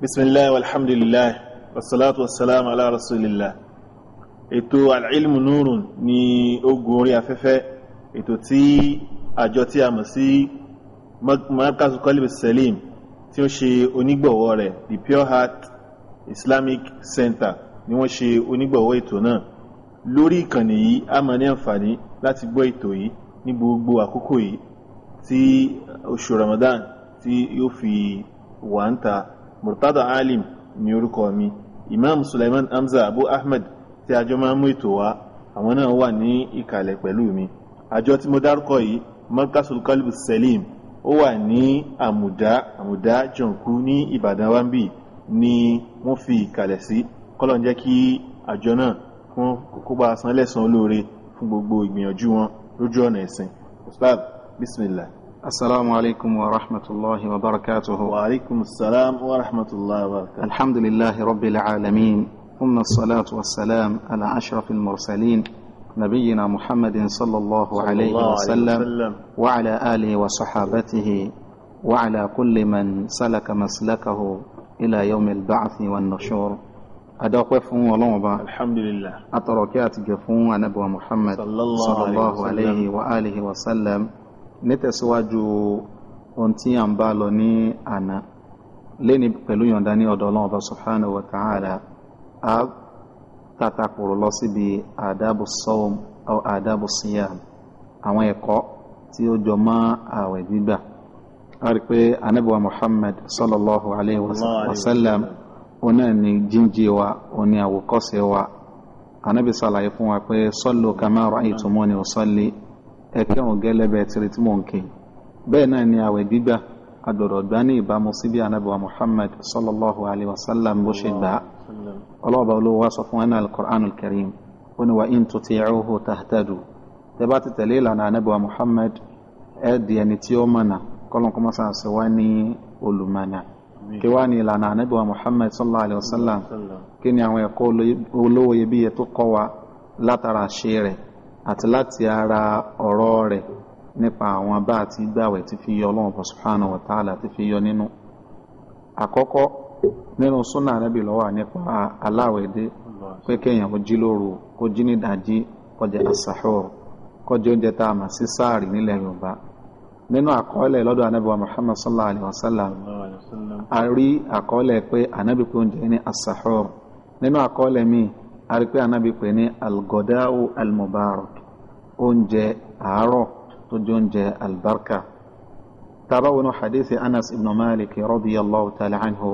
bisimilahi alhamdulilahi wasalaatu wasalaamu ala rasulillah ètò alilmu nurun ní ogun orí afẹ́fẹ́ ètò tí àjọ tí a mọ̀ sí markazu kọlib salim tí ó ṣe onígbọ̀wọ́ rẹ̀ the pure heart islamic center ni wọ́n ṣe onígbọ̀wọ́ ètò náà lórí ìkànnì yìí a máa ní àǹfààní láti gbọ́ ètò yìí ní gbogbo àkókò yìí tí oṣù ramadan tí yóò fi wà ń ta murtada alim ni orúkọ mi imam suleiman hamza abu ahmed tí àjọ máa ń mú ètò wá àwọn náà wà ní ìkàlẹ̀ pẹ̀lú mi àjọ tí mo dárúkọ yìí markasul kalbu selim ó wà ní àmùdá àmùdá jọǹkú ní ìbàdàn wambi ni wọ́n fi ìkàlẹ̀ sí kọ́lọ̀ ń jẹ́ kí àjọ náà fún kókóbá sanlẹ̀sán olóore fún gbogbo ìgbìyànjú wọn lójú ọ̀nà ẹ̀sìn ustaz bismillah السلام عليكم ورحمة الله وبركاته وعليكم السلام ورحمة الله وبركاته الحمد لله رب العالمين ثم الصلاة والسلام على أشرف المرسلين نبينا محمد صلى الله, صلى عليه, الله وسلم عليه وسلم وعلى آله وصحابته وعلى كل من سلك مسلكه إلى يوم البعث والنشور أدوك fún ọlọ́run الحمد لله أتركات kí a محمد صلى الله, عليه وآله وسلم nítẹ̀síwájú ohun tí à ń bá lọ ní àná léni pẹ̀lú yọ̀ǹda ní ọ̀dọ̀ ọlọ́run ọba subhanahu wa ta'ala a tàtàkùrọ̀ lọ síbi àdábù sọ́wọ́m àdábù síyàm àwọn ẹ̀kọ́ tí ó jọ mọ́ ààwẹ̀ gbígbà a rí pé anábìwa muhammad sallallahu alayhi wa sallam ona ni jíjí wa oni àwòkọ́ṣe wa anábì sàlàyé fún wa pé sallu kama ra'aytumuni usalli ẹ̀kẹ́ òun gẹ́lẹ́ bẹ́ẹ̀ tiri tí mò ń kí bẹ́ẹ̀ náà ni àwẹ̀ gbígbà agbọ̀dọ̀ gbá ní ìbámu síbi anábìwá muhammad sallallahu alayhi wa sallam bó ṣe gbà á ọlọ́ọ̀bá olówó wa sọ fún wa ní alukur'an alkarim ó ní wa in tuti'uhu tahtadu tẹ bá ti tẹ̀lé ìlànà anábìwá muhammad ẹ̀ di ẹni tí ó mọ̀nà kọ́lọ́n kọ́ mọ́sá sí wa ní olùmọ̀nà kí wá ní ìlànà anábìwá muhammad sallallahu alayhi wa sallam kí ni àwọn ẹ̀kọ́ olówó iyebíye àti láti ara ọ̀rọ̀ rẹ̀ nípa àwọn bá àti gbàwẹ̀ tí fi yọ ọlọ́run subhanahu wa ta'ala tí fi yọ nínú àkọ́kọ́ nínú súnà anábì lọ́wọ́ nípa aláwẹ̀dẹ́ pé kéèyàn kó jí lóru kó jí nídàjí kó jẹ asahur kó n'ile oúnjẹ tá a mà sí sáàrì nílẹ̀ wa muhammad sallallahu alayhi wa sallam a rí àkọọ́lẹ̀ pé anábì pé oúnjẹ ní nínú àkọọ́lẹ̀ míì àrípẹ́ anábì pè ní algodau almubarak oúnjẹ àárọ̀ tó jẹ́ oúnjẹ albarka tàbá wọnú hadisi anas ibn malik radiyallahu ta'ala anhu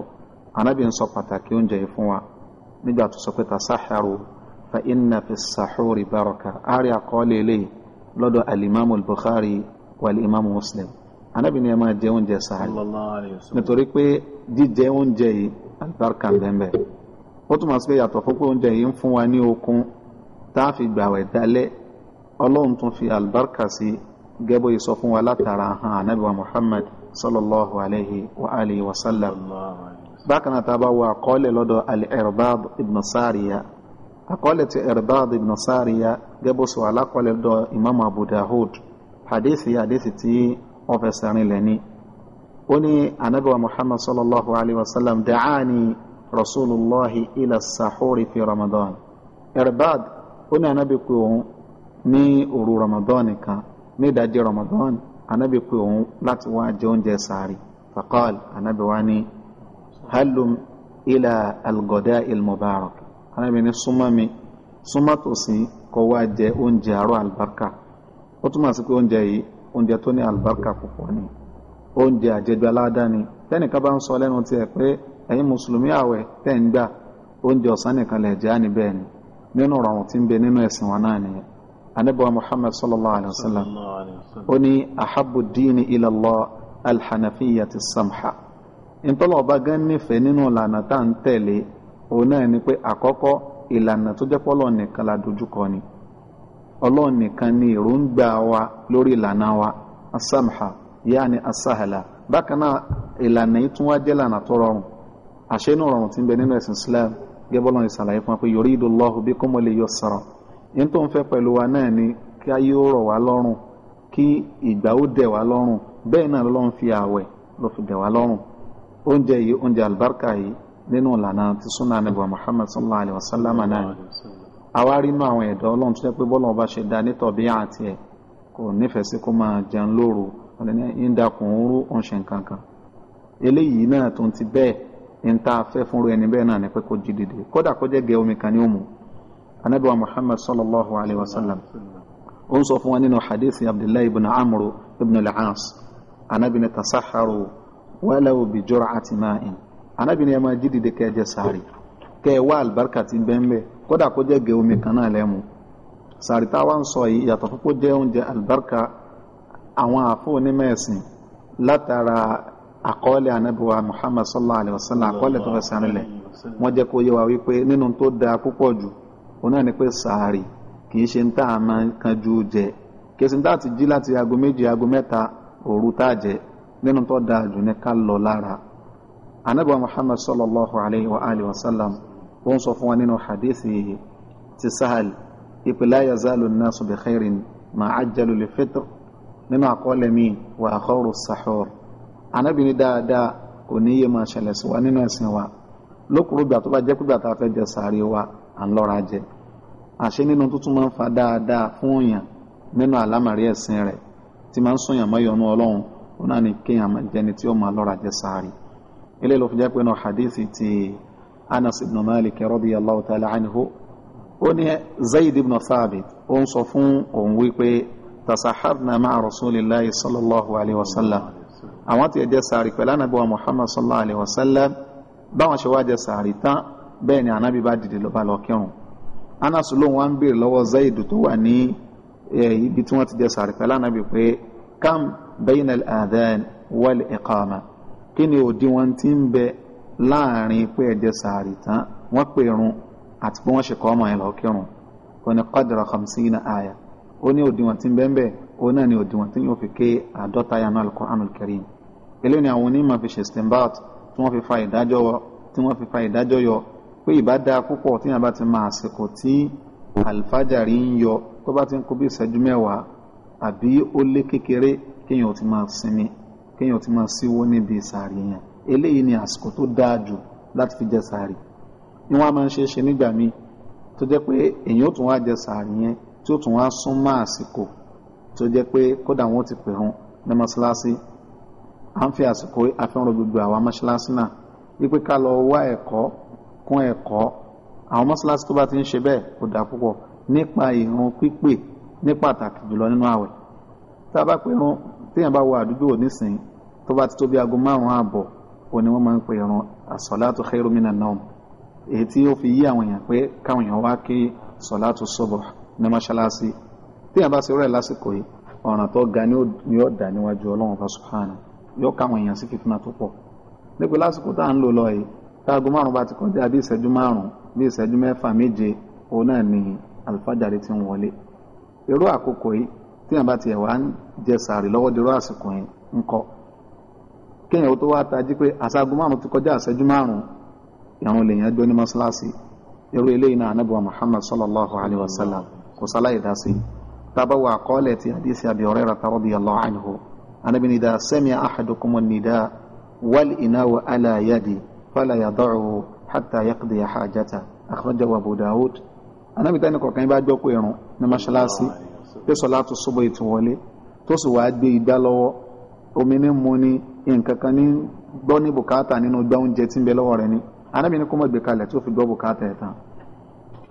anábì ń sọ pàtàkì oúnjẹ yìí fún wa nígbà tó sọ pé tasaharu fa inna fi sahuri baraka àárí àkọọ́lẹ̀ eléyìí lọ́dọ̀ alimamu al-bukhari wal-imamu muslim anábì ni ẹ máa jẹ oúnjẹ sahari nítorí pé jíjẹ oúnjẹ yìí albarka bẹ́ẹ̀ bẹ́ẹ̀ ó túmọ̀ sí pé yàtọ̀ fún pé oúnjẹ yìí ń fún wa ní okun tá a fi gbàwẹ̀ dalẹ̀ ọlọ́run tún fi àlùbáríkà sí gẹ́bọ́ yìí sọ fún wa látara hàn ànábì wa muhammad sallallahu alayhi wa alihi wa sallam bákan náà tá a bá wo àkọọ́lẹ̀ lọ́dọ̀ al-irbad ibn sariya àkọọ́lẹ̀ ti irbad ibn sariya gẹ́bọ́ sọ alákọọ́lẹ̀ lọ́dọ̀ imam abu dahud hadithi hadithi tí wọ́n fẹsẹ̀ rinlẹ̀ ni ó ní ànábì muhammad sallallahu alayhi wa sallam da'ani rasulullahi ila sahuri fi ramadan irbad ó ní anabi pé òun ní òru ramadan kan ní ìdajì ramadan anabi pé òun láti wá jẹ oúnjẹ sàárì faqal anabi wá ní halum ila algoda ilmubarak anabi ní súnmọ́ mi súnmọ́ tòsí kó wá jẹ oúnjẹ àárọ̀ albarka ó túmọ̀ sí pé oúnjẹ yìí oúnjẹ tó ní albarka púpọ̀ ni oúnjẹ àjẹjọ aládàáni tẹ́nìkan bá ń sọ lẹ́nu tiẹ̀ pé ẹ̀yin mùsùlùmí àwẹ̀ tẹ̀ ń gbà oúnjẹ ọ̀sán nìkan lè jẹ́ àníbẹ̀ ni nínú ọ̀rọ̀ tí ń bẹ nínú ẹ̀sìn wọn náà nìyẹn anabawa muhammad sallallahu alaihi wasallam ó ní ahabu diini ilallah alhanafiya ti samha ìtọ́lọ̀ ọba gan nífẹ̀ẹ́ nínú ìlànà tá à ń tẹ̀lé òun náà ni pé àkọ́kọ́ ìlànà tó jẹ́ pọ́lọ́ nìkan la dojúkọ ni ọlọ́run nìkan ni èròǹgbà wa lórí ìlànà wa asamha yaani asahala bákan náà ìlànà yìí tún wá jẹ́ ìlànà tó rọrùn àṣẹ inú ọ̀rọ̀ tí ń bẹ nínú ẹ̀sìn Islam gẹ́bọ́lọ́ ní sàlàyé fún wa pé yuridullahu bikumul yusra yín tó ń fẹ́ pẹ̀lú wa náà ni kí ayé ó rọ̀ wá lọ́rùn kí ìgbà ó dẹ̀ wá lọ́rùn bẹ́ẹ̀ náà lọ́n fi ààwẹ̀ ló fi dẹ̀ wá lọ́rùn oúnjẹ yìí oúnjẹ àlùbáríkà yìí nínú ìlànà tí súnà ànábì wa Muhammad sallallahu alayhi wa sallam náà àwa inú àwọn ẹ̀dọ́ ọlọ́run tó n ta fẹ́ fúnru ẹni bẹ́ẹ̀ náà ni pé kó jí dìde kódà kó jẹ́ gẹ omi kan ní òmù anabi wa muhammad sallallahu alayhi wa sallam ó ń sọ fún wa nínú hadith abdullahi ibn amru ibn al-as anabi ni tasaharu walaw bi jur'ati ma'in anabi ni ẹ máa jí dìde kẹ́ ẹ jẹ sáré kẹ́ ẹ wá àlùbáríkà ti bẹ́ẹ̀ kódà kó jẹ́ gẹ omi kan náà lẹ́mu sáré táwa ń sọ yìí yàtọ̀ fún kó jẹ́ oúnjẹ àlùbáríkà àwọn àfọ látara àkọọ́lẹ̀ anábíwá muhammad sallallahu alayhi wa sallam àkọọ́lẹ̀ tó fẹsẹ̀ rinlẹ̀ wọ́n jẹ́ kó yé wa wípé nínú tó da púpọ̀ jù òun náà ni pé sàárì kì í ṣe ń tá a máa kanjú jẹ kì í ṣe ń tá a ti jí láti aago méjì aago mẹ́ta òru tá a jẹ nínú tó da jù ní ká lọ lára anábíwá muhammad sallallahu alayhi wa alihi wa sallam ó ń sọ fún wa nínú hadithi ti sahal ipe la yazalu bi khairin ma ajjalu li nínú àkọọ́lẹ̀ mi wà àkọ́rù sahur anábìnrin dáadáa kò ní yé máa ṣẹlẹ̀ sí wa nínú ẹ̀sìn wa lókùrú gbà tó bá jẹ́ kúgbà tá a fẹ́ jẹ sàárè wa à ń lọ́ra jẹ àṣé nínú tuntun máa ń fa dáadáa fún òyàn nínú àlámàrí ẹ̀sìn rẹ̀ tí máa ń sọ̀yàn mọ́yọ̀nú ọlọ́run òun náà ni kéèyàn máa jẹni tí ó máa lọ́ra jẹ sàárè eléyìí ló fi jẹ́ pé náà hadith ti anas ibn malik radiyallahu ta'ala anhu ó ní zayd ibn thabit ó ń sọ fún òun wípé tasahadna ma'a rasulillahi sallallahu alayhi wa sallam àwọn tí ẹ jẹ sàárì pẹ̀lú ànábì wa Muhammad sallallahu alayhi wa sallam báwọn ṣe wá jẹ sàárì tán bẹ́ẹ̀ ni ànábì bá dìde lọ́ba lọ kírun anas lóun wá ń béèrè lọ́wọ́ zayidu tó wà ní ibi tí wọ́n ti jẹ sàárì pẹ̀lú ànábì pé kam bayna al-adhan wal iqama kí ni òdiwọ̀n ti ń bẹ láàrin pé ẹ jẹ sàárì tán wọ́n pè run àti pé wọ́n ṣe kọ́ ọmọ yẹn lọ kírun kò ní qadra khamsina àyà ó ní òdiwọ̀n ti ń bẹ́ẹ̀ bẹ́ẹ̀ òun náà ni òdiwọ̀n tí yóò fi ké àádọ́ta yanu al-Qur'an al-Karim ni àwọn onímọ̀ fi ṣe stembat tí wọ́n fi fa ìdájọ́ yọ tí wọ́n fi fa ìdájọ́ yọ pé ìbádá púpọ̀ tí yàn bá ti máa àsìkò tí àlùfájàrí ń yọ tó bá ti ń kó bí ìṣẹ́jú mẹ́wàá àbí ó lé kékeré kéèyàn ò ti máa sinmi kéèyàn ò ti máa síwó níbi ìsàárì yẹn eléyìí ni àsìkò tó dáa jù láti fi jẹ sàárì ni wọ́n máa ń ṣe é ṣe nígbà míì tó jẹ́ pé èèyàn ó tún wá jẹ sàárì yẹn tí ó tún wá sún mọ́ àsìkò tó jẹ́ pé kódà wọn ti pè hàn ní mọ́ṣáláṣí à ń fi àsìkò àfihàn gbogbo àwọn mọ́ṣáláṣí náà wípé ká lọ wá ẹ̀kọ́ kún ẹ̀kọ́ àwọn mọ́ṣáláṣí tó bá ti ń ṣe bẹ́ẹ̀ kò dà púpọ̀ nípa ìrun pípè ní pàtàkì jùlọ nínú àwẹ̀ tá a bá pè irun téèyàn bá wọ àdúgbò nísìnyí tó bá ti tó bí aago márùn-ún ààbọ̀ òun ni wọ́n máa ń pè irun as-salatu khairu èyí tí ó fi yí àwọn èèyàn pé káwọn èèyàn wá kí salatu subh ní mọ́ṣáláṣí tí a bá ṣe rẹ̀ lásìkò yìí ọ̀ràn tó ga ni ó dà níwájú ọlọ́run fa subhana yóò èèyàn sí fìtúnà tó pọ̀ lásìkò tá à ń lò lọ yìí táago márùn bá ti kọjá bí ìṣẹ́jú márùn bí ìṣẹ́jú mẹ́fà méje òun náà ni ti ń wọlé irú àkókò yìí a bá ti ẹ̀wà ń jẹ sàárì lọ́wọ́ dirú àsìkò yìí ń kọ́ kéèyàn tó wá tají pé márùn ti ní tábàwọ̀ àkọọ́lẹ̀ ti hadisi Abi Hurairah radiyallahu anhu anábì ní idha sami'a ahadukum an-nidaa wal inaa'u ala yadi fala yada'uhu hatta yaqdi hajata akhrajahu Abu Dawud anábì tẹ́ni kọ̀ọ̀kan bá gbọ́ pé irun ní mọ́ṣáláṣí pé sọ̀látù súbù ìtìwọlé tó sì wàá gbé igbá lọ́wọ́ omi ní mu ni nǹkan kan ní gbọ́ ní bùkátà nínú gbá oúnjẹ tí ń bẹ lọ́wọ́ rẹ ni anábì ní kó má gbé kalẹ̀ tó fi gbọ́ bùkátà ẹ̀ tán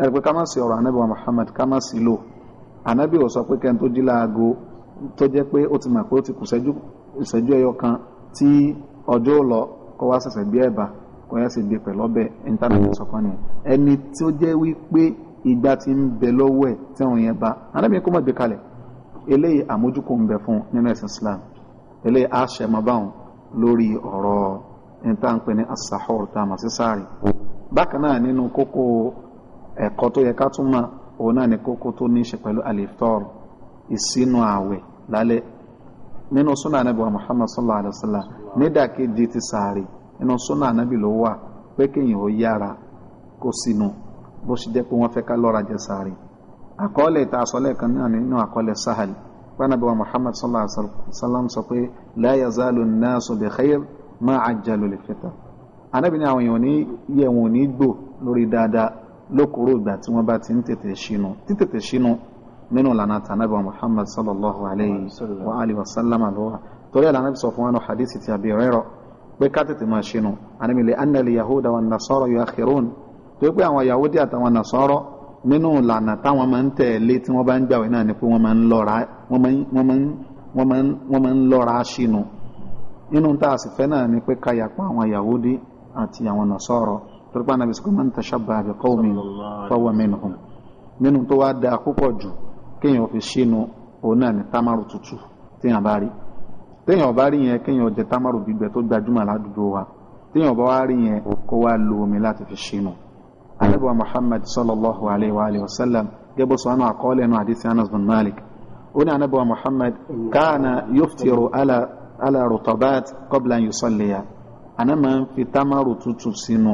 ẹ̀ pé ká má sí ọ̀rọ̀ anábì wa Muhammad ká má sí lò ànábì ò sọ pé kẹ́ni tó jí láago tó jẹ́ pé ó ti mọ̀ pé ó ti kù ìṣẹ́jú ẹyọ kan tí ọjọ́ ò lọ kó wá ṣẹ̀ṣẹ̀ bí ẹ̀bà kó yá sì gbé pẹ̀lú ọbẹ̀ íńtánẹ́ẹ̀tì sọ̀kan nìyẹn ẹni tí ó jẹ́ wípé ìgbà tí ń bẹ lọ́wọ́ ẹ̀ tí yẹn bá gbé kalẹ̀ eléyìí àmójúkò ń fún nínú Islam eléyìí bá lórí ọ̀rọ̀ ní tá a mọ̀ sí sáàrì bákan náà òun náà ni kókó tó ní í ṣe pẹ̀lú aliftor ìsínú ààwẹ̀ lálẹ́ nínú súnà anábì wa muhammad sallallahu alayhi wa sallam nídàkejì ti sàárè nínú súnà anábì ló wà pé kéèyàn ó yára kó sínú bó ṣe jẹ́ pé wọ́n fẹ́ ká lọ́ra jẹ sàárè àkọọ́lẹ̀ ìta àsọlẹ̀ kan náà nínú àkọọ́lẹ̀ sahal pẹ́nàbí wa muhammad sallallahu alayhi wa sọ pé la yazalu an-nasu bi khair ma ajjalu lil-fitr anábì ní àwọn èèyàn ní yẹ̀ wọ́n ní gbò lórí dáadáa lókùrò ìgbà tí wọ́n bá ti ń tètè ṣínú títètè ṣínú nínú ìlànà tànàbà muhammad sallallahu alayhi wa alihi wa sallam alwa torí ìlànà bí sọ fún wọn hadisi ti àbí rẹrọ pé ká tètè máa ṣínú anamile annali yahuda wa nasara yuakhirun tó pé àwọn yahudi àtàwọn nasara nínú ìlànà táwọn máa ń tẹ̀lé tí wọ́n bá ń gbàwé náà ni pé wọ́n máa ń lọ́ra wọ́n máa ń lọ́ra ṣínú nínú tá sì fẹ́ náà ni pé ká yàpọ̀ àwọn yahudi àti àwọn nasara torípa nàbí sọ pé man tashabbaha bi qawmin fahuwa minhum nínú tó wá da púpọ̀ jù kéèyàn fi sínú òun náà ní támárù tútù téèyàn bá rí téèyàn bá rí yẹn kéèyàn jẹ támárù gbígbẹ tó gbajúmọ̀ ládùúgbò wa téèyàn bá wá rí yẹn kó wá lo omi láti fi sínú. alábọ̀ muhammad sallallahu alayhi wa alayhi wa sallam gẹ́gbọ́ sọ ánú àkọọ́lẹ̀ ẹnu àdìsí anas bin malik ó ní anábọ̀ muhammad káàna yuftiru ala rutabat qabla yusalliya àná máa ń fi támárù tútù sínú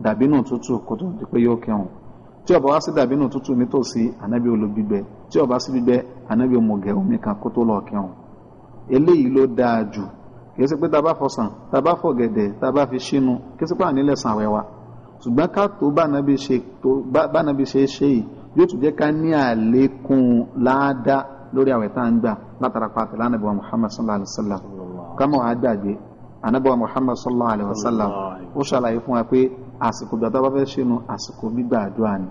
dàbínù tútù kó tó di pé yóò kẹrùn tí ó bá wá sí dàbínù tútù nítòsí ànábì olùgbígbẹ tí ó bá sí gbígbẹ ànábì òmùgẹ omi kan kó tó lọ kẹrùn eléyìí ló dáa jù kìí ṣe pé tá a bá fọsàn tá a bá fọ̀gẹ̀dẹ̀ tá a bá fi sínú kìí ṣe pé ànílẹ̀ sàn wẹ̀ ṣùgbọ́n ká tó bánabi ṣe ṣe ṣe yìí yóò tún jẹ́ ká ní àlékún láàdá lórí àwẹ̀ tá à ń gbà látara pàtẹ lánàbí Muhammad sallallahu alayhi wa sallam kámọ́ àgbàgbé Muhammad sallallahu alayhi wa sallam ó ṣàlàyé àsìkò ìgbà tá a bá fẹ́ ṣe nu àsìkò gbígbà àdúrà ni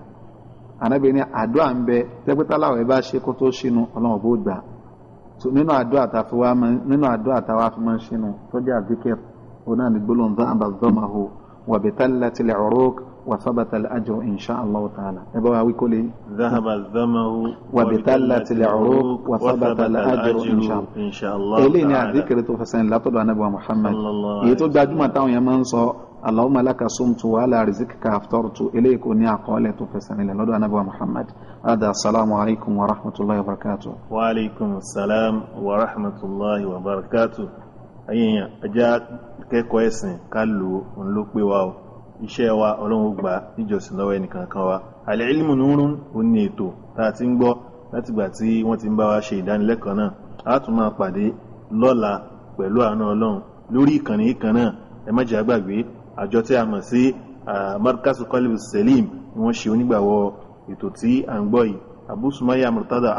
ànábì ní àdúrà ń bẹ tẹ́pẹ́tàlá ọ̀rẹ́ bá ṣe kó tó ṣe nu ọlọ́run bó gbà nínú àdúrà tá a fi wá nínú àdúrà tá a wá fi máa ń ṣe nu tọ́jú àdìkẹ́ òun ní gbólóhùn bá àbá zọ́màhó wà bẹ̀ tálílá tilẹ̀ ọ̀rọ̀ wà sábàtà àjọ insha allah ta'ala ẹ bá wa wí kó lè. zahaba zamahu wà bẹ̀ tálílá tilẹ̀ ọ̀rọ̀ wà sábàtà àjọ insha allah. eléyìí ni àdìkẹ́ tó fẹsẹ̀ ńlá tó dọ̀ anábìwá muhammad èyí tó gbajúmọ̀ táwọn yẹn máa ń sọ allahumma laka sumtu wa ala rizqika aftartu eléyìí kò ní àkọọ́lẹ̀ tó fẹsẹ̀ nílẹ̀ lọ́dọ̀ anábọ̀ muhammad ada asalaamu alaykum wa rahmatulahi wa barakatu. wa aleykum salaam wa rahmatulahi wa barakatu. ayẹyẹ ajá kẹ́kọ̀ọ́ ẹ̀sìn ká lò ó ń ló pé wa o iṣẹ́ wa ọlọ́run gbà níjọsìn lọ́wọ́ ẹnìkan kan wa àlẹ́ ìlímù nùrùn ó ní ètò tá a ti ń gbọ́ látìgbà tí wọ́n ti ń bá wa ṣe ìdánilẹ́kọ̀ọ́ náà a tún máa pàdé lọ́la pẹ̀lú àánú ọlọ́run lórí ìkànnì kan náà ẹ má jẹ́ àgbàgbé àjọ tí a mọ̀ sí markazu kọlíbù selim ni wọ́n ṣe onígbàwọ́ ètò tí à ń gbọ́ yìí abu sumaya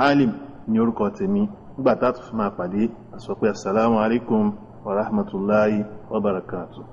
alim ní orúkọ tèmi nígbà tá a tún fi máa pàdé àsọpẹ́ asalaamualeykum wa rahmatulahi wa barakatuh.